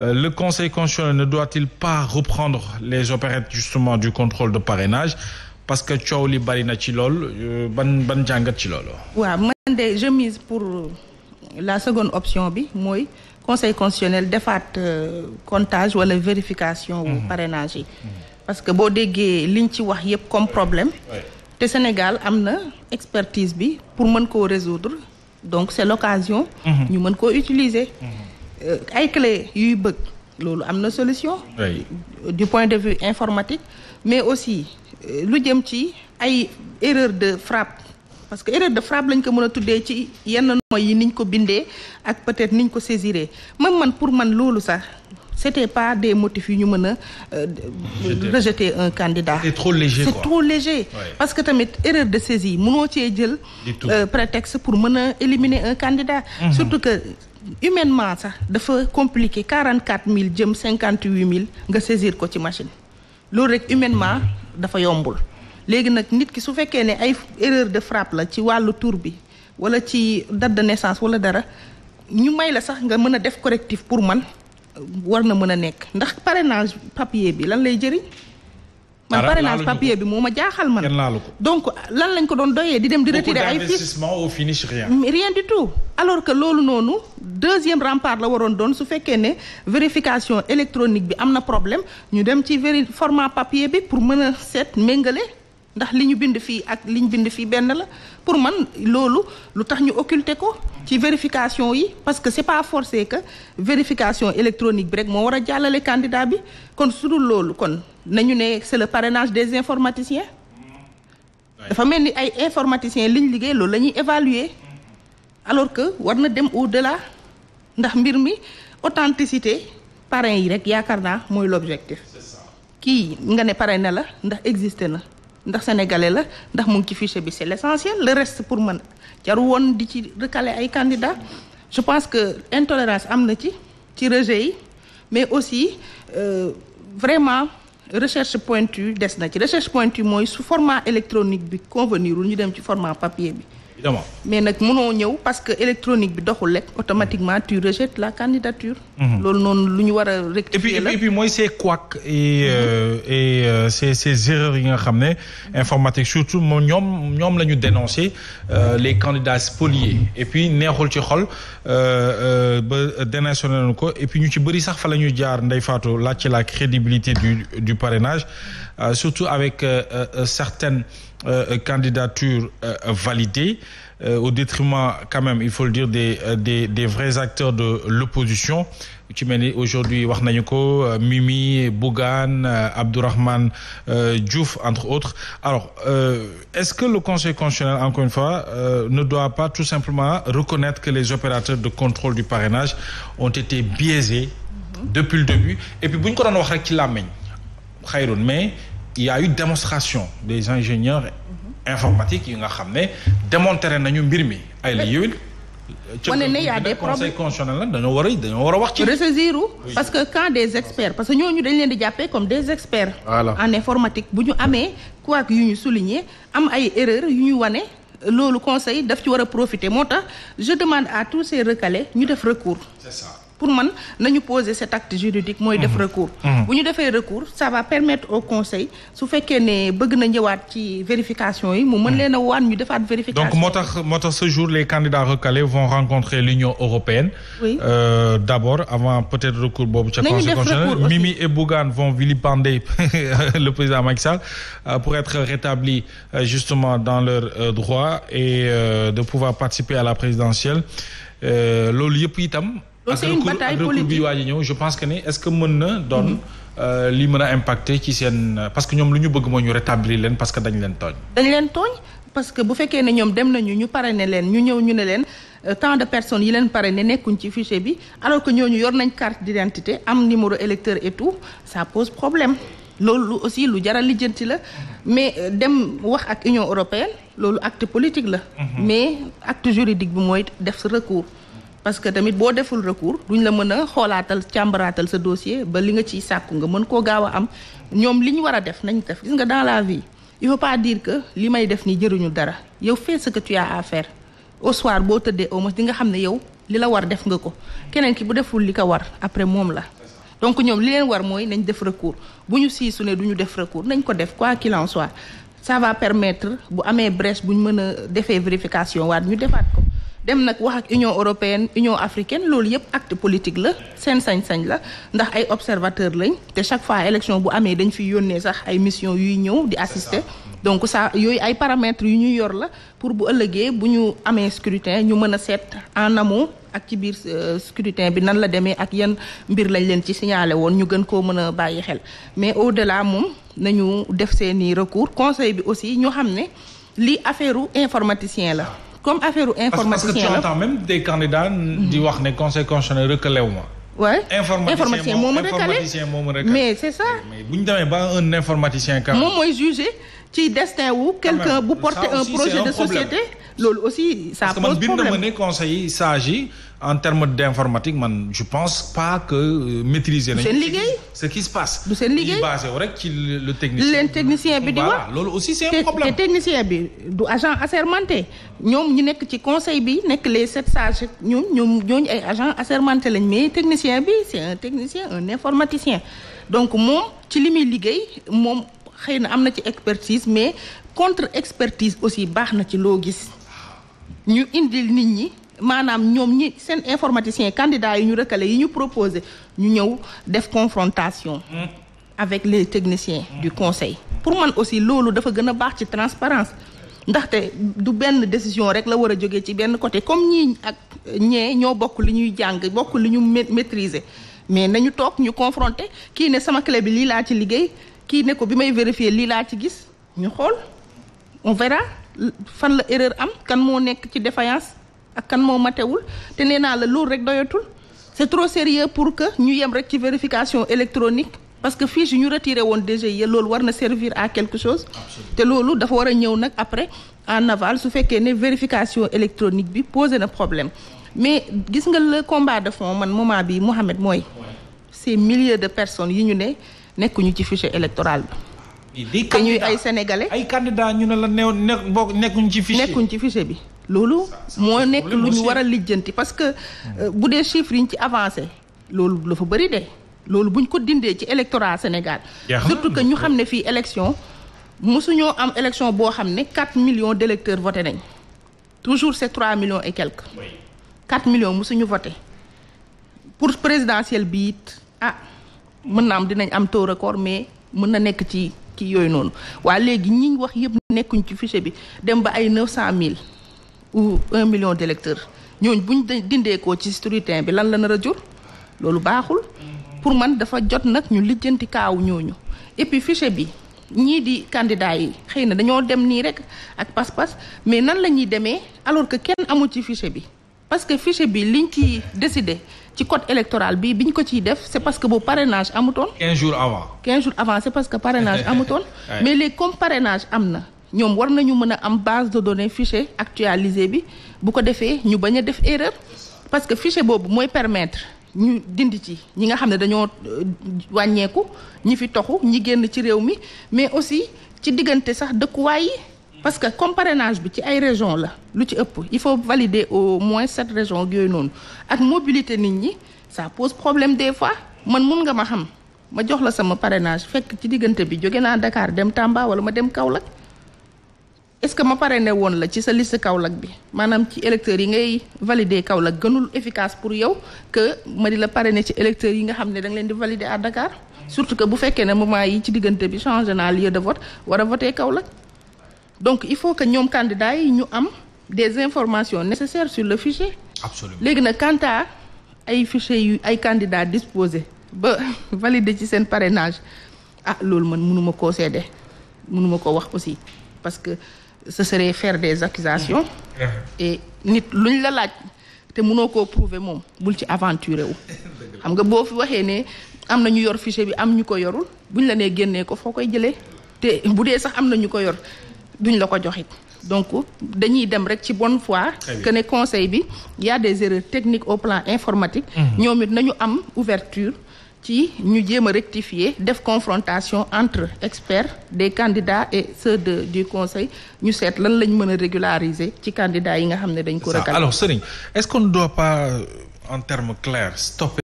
Euh, le conseil constitutionnel ne doit-il pas reprendre les opérettes justement du contrôle de parrainage parce que coow li bari na ci lool euh, ban ban jàngat ci loolu. waa man de je mise pour euh, la seconde option bi mooy conseil constitutionnel defaat comptage wala vérification. wu mhm. parrainage yi. Mhm. parce que boo déggee li liñ ci wax yépp comme problème. te Sénégal am na expertise bi pour mën koo résoudre donc c'est l'occasion. Mhm. ñu mën koo utiliser. Euh, ay clé yuy bëgg loolu am na solution. du point de vue informatique mais aussi euh, lu jëm ci ay erreur de frappe parce que erreur de frappe lañ ko mën a tuddee ci yenn mooy yi niñ ko bindee ak peut-être niñ ko saisiré man man pour man loolu sax c'était pas des motifs yu ñu mën a euh, rejeter un candidat c'est trop léger c'est parce que tamit erreur de saisie mënoo cee jël euh, prétexte pour mën a éliminer un candidat mm surtout que humainement sax dafa compliqué quarante quatre mille jëm cinquante huit mille nga saisir ko ci machine loolu rek humainement dafa yombul léegi nag nit ki su fekkee ne ay erreur de frappe la ci wàllu tour bi wala ci date de naissance wala dara ñu may la sax nga mën a def correctif pour man war na mën a nekk ndax parenage papier bi lan lay jëriñ. man parrainage papier bi moom ma jaaxal man. donc lan lañ ko doon doyee di dem di retirer ay fiches mm, rien. du tout alors que loolu noonu deuxième rempart la waroon doon su fekkee ne vérification électronique bi am na problème ñu dem ci veri format papier bi pour mën a seet méngale. ndax li ñu bind fii ak li ñu bind fii benn la pour man loolu lu tax ñu occulter ko ci vérification yi parce que c'est pas forcé que vérification électronique bi rek moo war a jàllale candidat bi kon su dul loolu kon nañu ne c'est le parrainage des informaticiens dafa mel ni ay informaticiens liñ liggéey loolu la ñuy évaluer alors que war na dem au-delà ndax mbir mi authenticité parrain yi rek yaakaar naa mooy l'objectif kii nga ne parrain na la ndax existé na ndax sénégalais la ndax mu ngi ci fichier bi c'est l'essentiel le reste pour man jaru woon di ci recaler ay candidats je pense que intolérance am na ci ci rejet yi mais aussi euh, vraiment recherche pointue des na ci recherche pointue mooy su format électronique bi convenirul ñu dem ci format papier bi évidemment mais nag mënoo ñëw parce que électronique bi doxul rek automatiquement tu rejettes la candidature. Mhm. loolu noonu lu ñu war a rectifier la et mooy ces couacs et euh, mhm. et euh, ces ces yi nga xam ne informatique surtout moom ñoom ñoom la ñu dénoncer euh, les candidats spoliés et puis neexul ci xol euh, ba dénationné nañu ko et puis ñu ci bëri sax fa la ñuy jaar Ndeye Fatou laaj ci la crédibilité du du parrainage surtout avec certaines. Euh, euh, candidature euh, validée au détriment quand même il faut le dire des des des vrais acteurs de l'opposition ci mel ni aujourd'hui wax nañu ko Mimi Bougane Abdourahmane Diouf entre autres alors est-ce que le Conseil constitutionnel encore une fois ne doit pas tout simplement reconnaître que les opérateurs de contrôle du parrainage ont été biaisés mm-hmm. depuis le début et puis bu ñu ko doon wax rek ci làmmiñ xayroon mais il yu a eu démonstration des ingénieurs informatiques yi nga xam ne démontré nañu mbir mi ay la yiwil wane ne y a des problèmes conseil constitutionnel dañoo war a dañoo war a wax ci ressaisir parce que quand des experts parce que ñooñu dañ leen di jàppee comme des experts voilà. en informatique bu ñu amee quoi yu ñu souligner am ay erreurs yu ñu wane loolu conseil daf ci war a profiter moo tax je demande à tous ces recalés ñu def recours c'est pour man nañu poser cet acte juridique mooy def mmh. recours mmh. bu ñu defee recours ça va permettre au conseil su fekkee ne bëgg na ñëwaat ci vérification yi mu mën mmh. leen a waan ñu defaat vérification donc moo tax moo tax ce jour les candidats recalés vont rencontrer l'Union européenne oui. euh, d'abord avant peut-être recours boobu ca conseil constitutionnel Mimi et Bougane vont vilipender le président Macky Sall euh, pour être rétablis euh, justement dans leur euh, droit et de pouvoir participer à la présidentielle loolu yëpp itam donc c'est une bataille politique bi waa ñëw je pense que ni est-ce que mën na doon mm-hmm. euh, li mën a impacter ci seen parce que ñoom lu ñu bëgg moo ñu rétablir leen parce que dañ leen tooñ. dañ leen tooñ parce que bu fekkee ne ñoom dem nañu ñu parrainé leen ñu ñëw ñu ne leen euh, tant de personnes yi leen parrainé nekkuñ ci fichier bi alors que ñooñu yor nañ carte d'identité am numéro électeur et tout ça pose problème. loolu aussi lu jaral lijjanti la mm-hmm. mais euh, dem wax ak Union européenne loolu acte politique la. Mm-hmm. mais parce que tamit boo deful recours duñ la mën a xoolaatal càmbaraatal sa dossier ba li nga ciy sàkku nga mën koo gaaw am ñoom li ñu war a def nañ def gis nga dans la vie il faut pas dire que li may def ni jëruñu dara yow fais sa que tu as à faire au soir boo tëddee au moins di nga xam ne yow li la war def nga ko keneen ki bu deful li ko war après moom la. donc ñoom li leen war mooy nañ def recours bu ñu siisu ne du ñu def recours nañ ko def quoi qu'il en soit ça bu amee brèche bu ñu mën a defee vérification waat ñu defaat ko. dem nag wax ak union européenne union africaine loolu yëpp acte politique la seen sañ-sañ la ndax ay observateur lañ te chaque fois élection bu amee dañu fi yónnee sax ay mission yuy ñëw di assister donc ça yooyu ay paramètres yu ñu yor la pour bu ëllëgee bu ñu amee scrutin ñu mën a seet en amont ak ci biir euh, scrutin bi nan la demee ak yan mbir lañ leen ci signale woon ñu gën koo mën a bàyyi xel mais au delà moom nañu def seeni recours conseil bi aussi ñu xam ne lii affaire u informaticien la comme affaire informaticien la parce que tu entends même des candidats. di mhm. wax ne conseil constitutionnel recalé ma. waay informaticien moom informaticien moom mais c'est ça. mais bu ñu ba un informaticien. moom mooy jugé. ci destin wu quelqu'un bu porte un projet de société loolu aussi saa pose problème parce que man bind na ma ne conseil man je pense pas que euh, maitriser nañu. seen liggéey ce qui se passe. du seen liggéey basé wu rek ci le leen technicien bi di wax loolu aussi c'est un problème. te technicien bi du agent assermenté ñoom ñu nekk ci conseil bi nekk les sept sages ñoom ñoom ñooñu ay agent assermenté lañ mais technicien bi c'est un technicien un informaticien donc moom ci li muy liggéey moom. xëy na am na ci expertise mais contre expertise aussi baax na ci loo gis ñu indi nit ñi maanaam ñoom ñi seen informaticien candidat yi ñu recalé yi ñu proposé ñu ñëw def confrontation hmm. avec les techniciens hmm. du conseil pour man aussi loolu dafa gën a baax ci transparence ndaxte du benn décision rek la war a jógee ci benn côté comme ñii ak ñee ñoo bokk li ñuy jàng bokk li ñu maîtriser mais nañu toog ñu confronter kii ne sama clé bi lii laa ci liggéey kii ne ko bi may vérifier lii laa ci gis ñu xool on verra fan la erreur am kan moo nekk ci défaillance ak kan moo matewul te nee naa la loolu rek doyatul c'est trop sérieux pour que ñu yem rek ci vérification électronique parce que fiche yu ñu retiré woon DGIE loolu war na servir à quelque chose te loolu dafa war a ñëw nag après en aval su fekkee ne vérification électronique bi posé na problème mais gis nga le combat de fonds man moment bi Mohamed mooy ces milliers de personnes yi ñu ne nekkuñu ci fichier électoral bi. te ñuy ay sénégalais. ay candidats ñu ne la néew nekk bokk nekkuñ ci fichier. nekkuñ ci fichier bi loolu. moo nekk lu ñu war a lijjanti parce que euh, bu dee chiffres yi ñu ci avancé loolu la fa bëri de loolu buñ ko dindee ci électorat Sénégal. surtout que ñu xam ne fii élection mosuñoo am élection boo xam ne 4 million d' électeurs voté nañ toujours c' est 3 millions et quelques. 4 millions mosuñu voté pour présidentielle bi it ah. mën na am dinañ am taux record mais mën na nekk ci kii yooyu noonu waa léegi ñi wax yëpp nekkuñ ci fichier bi dem ba ay 900000 ou 1 million d' électeurs ñooñu buñ dindee koo ci scrutin bi lan la nar a jur loolu baaxul. pour man dafa jot nag ñu lijjanti kaaw ñooñu et puis fichier bi ñii di candidat yi xëy na dañoo dem nii rek ak pas-pas mais nan la ñuy demee alors que kenn amul ci fichier bi parce que fichier bi liñ ci décidé. ci code électorale bi bi ñu ko ciy def c'est parce que boobu parrainage amutoon. 15 jours avant. 15 jours avant c'est parce que parrainage amutoon. mais léegi comme parrainage am na. ñoom war nañu mën a am base de données fichier bi bu ko defee ñu bañ a def erreur parce que fichier boobu mooy permettre ñu dindi ci ñi nga xam ne dañoo euh, wàññeeku ñi fi toxu ñi génn ci réew mi mais aussi ci diggante sax dëkkuwaay parce que comme parrainage bi ci ay région la lu ci ëpp il faut valider au moins sept régions yooyu noonu ak mobilité nit ñi ça pose problème des fois man mun nga ma xam ma jox la sama parrainage fekk ci diggante bi jóge naa Dakar dem Tamba wala ma dem Kaolack est-ce que ma parrainé woon la ci sa liste Kaolack bi maanaam ci électeurs yi ngay valider Kaolack gënul efficace pour yow que ma di la parrainé ci électeurs yi nga xam ne da leen di valider à Dakar surtout que bu fekkee ne moment yi ci diggante bi changé naa lieu de vote war a donc il faut que ñoom candidats yi ñu am des informations nécessaires sur le fichier. absolument léegi nag quant ay fichiers yu ay candidats disposés ba valider ci seen parrainage ah loolu man munuma koo seede mënuma ko wax aussi parce que ce serait faire des accusations mm-hmm. Mm-hmm. et nit luñ la laaj te mënoo koo prouver moom bul ci aventurer wu xam nga boo fi waxee ne am na ñu yor fichier bi am ñu ko yorul buñ la nee génnee ko foo koy jëlee te bu dee sax am na ñu ko yor duñ la ko joxit donc dañuy dem rek ci bonne foi que ne conseil bi y a des techniques au plan informatique mhm. ñoom it nañu am ouverture ci ñu jéem a rectifier def confrontation entre experts des candidats et ceux de du conseil ñu seet lan lañ mën a régulariser ci candidats yi nga xam ne dañ ko recalé alors Serigne est-ce qu'on ne pas euh, en termes clairs stopper